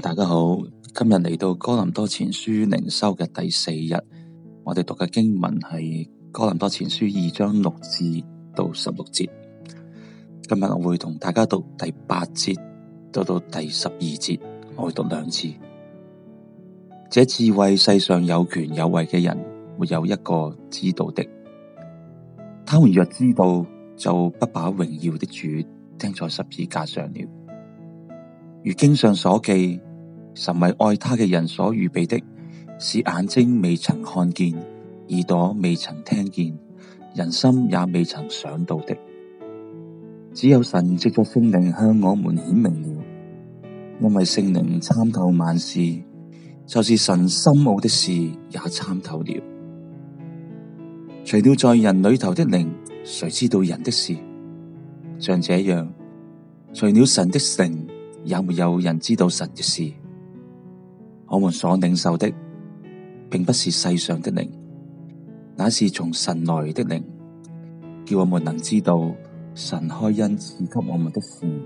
大家好，今日嚟到哥林多前書靈修嘅第四日，我哋讀嘅經文係哥林多前書二章六至到十六節。今日我會同大家讀第八節到，到第十二節，我會讀兩次。這智慧世上有權有位嘅人沒有一個知道的，他們若知道，就不把榮耀的主釘在十字架上了。如經上所記，神為愛他嘅人所預備的，是眼睛未曾看見，耳朵未曾聽見，人心也未曾想到的。只有神藉着聖靈向我們顯明了，因為聖靈參透萬事，就是神深奧的事也參透了。除了在人裏頭的靈，誰知道人的事？像這樣，除了神的靈。也沒有人知道神嘅事，我們所領受的，並不是世上的靈，乃是從神來的靈，叫我們能知道神開恩賜給我們的事。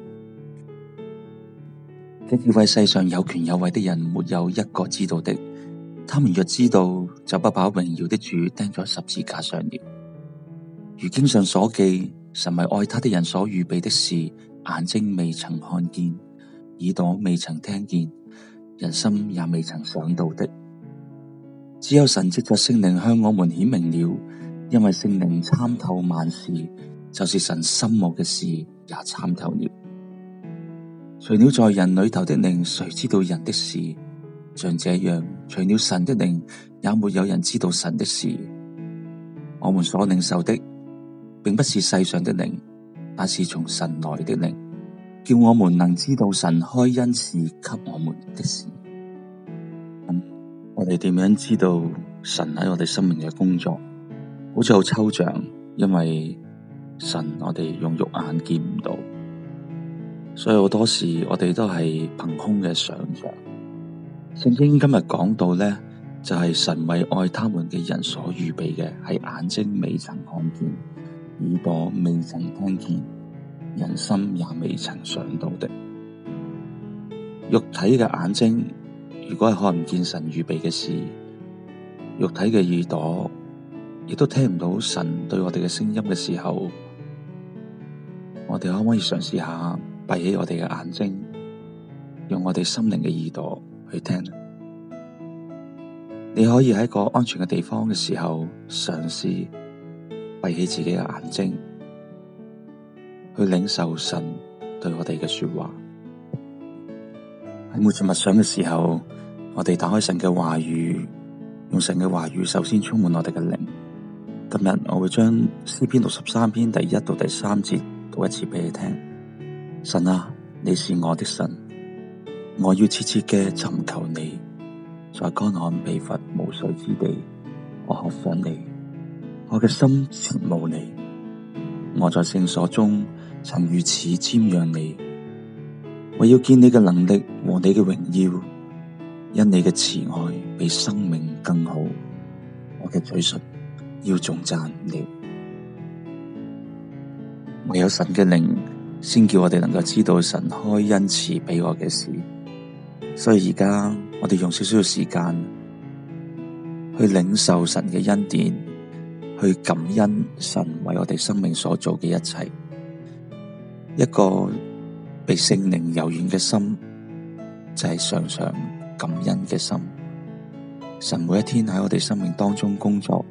這智慧世上有權有位的人沒有一個知道的，他們若知道，就不把榮耀的主釘在十字架上了。如經上所記，神為愛他的人所預備的事，眼睛未曾看見。耳朵未曾聽見，人心也未曾想到的，只有神藉着聖靈向我們顯明了。因為聖靈參透萬事，就是神心目嘅事也參透了。除了在人裏頭的靈，誰知道人的事？像這樣，除了神的靈，也沒有有人知道神的事。我們所領受的，並不是世上的靈，那是從神來的靈。叫我們能知道神開恩賜給我們的事，嗯、我哋點樣知道神喺我哋生命嘅工作，好似好抽象，因為神我哋用肉眼見唔到，所以好多時我哋都係憑空嘅想象。聖經今日講到咧，就係神為愛他們嘅人所預備嘅，係眼睛未曾看見，耳朵未曾聽見，人心也未曾想到的，肉體嘅眼睛如果係看唔見神預備嘅事，肉體嘅耳朵亦都聽唔到神對我哋嘅聲音嘅時候，我哋可唔可以嘗試下閉起我哋嘅眼睛，用我哋心靈嘅耳朵去聽呢？你可以喺個安全嘅地方嘅時候，嘗試閉起自己嘅眼睛。去領受神對我哋嘅說話，喺每次默想嘅時候，我哋打開神嘅話語，用神嘅話語首先充滿我哋嘅靈。今日我會將 C 篇六十三篇第一到第三節讀一次俾你聽。神啊，你是我的神，我要切切嘅尋求你。在乾旱被乏無水之地，我好想你，我嘅心切慕你。我在聖所中。曾如此瞻仰你,我要見你嘅能力和你嘅榮耀，因你嘅慈愛比生命更好。我嘅嘴唇要仲讚你，唯有神嘅靈先叫我哋能夠知道神開恩賜俾我嘅事。所以而家我哋用少少時間去領受神嘅恩典，去感恩神為我哋生命所做嘅一切。一個被聖靈柔軟嘅心，就係常常感恩嘅心。神每一天喺我哋生命當中工作，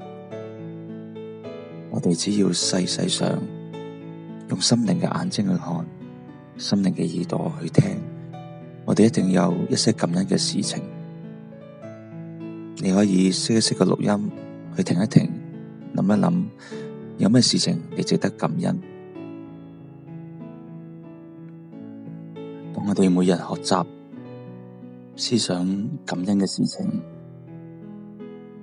我哋只要細細想，用心靈嘅眼睛去看，心靈嘅耳朵去聽，我哋一定有一些感恩嘅事情。你可以熄一熄個錄音，去停一停，諗一諗，有咩事情你值得感恩。當我哋每日學習思想感恩嘅事情，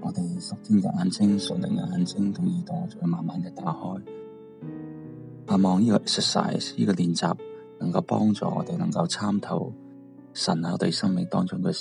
我哋屬天嘅眼睛、純淨嘅眼睛同耳朵，就會慢慢嘅打開。盼望呢個 exercise 呢個練習，能夠幫助我哋能夠參透神喺我哋生命當中嘅。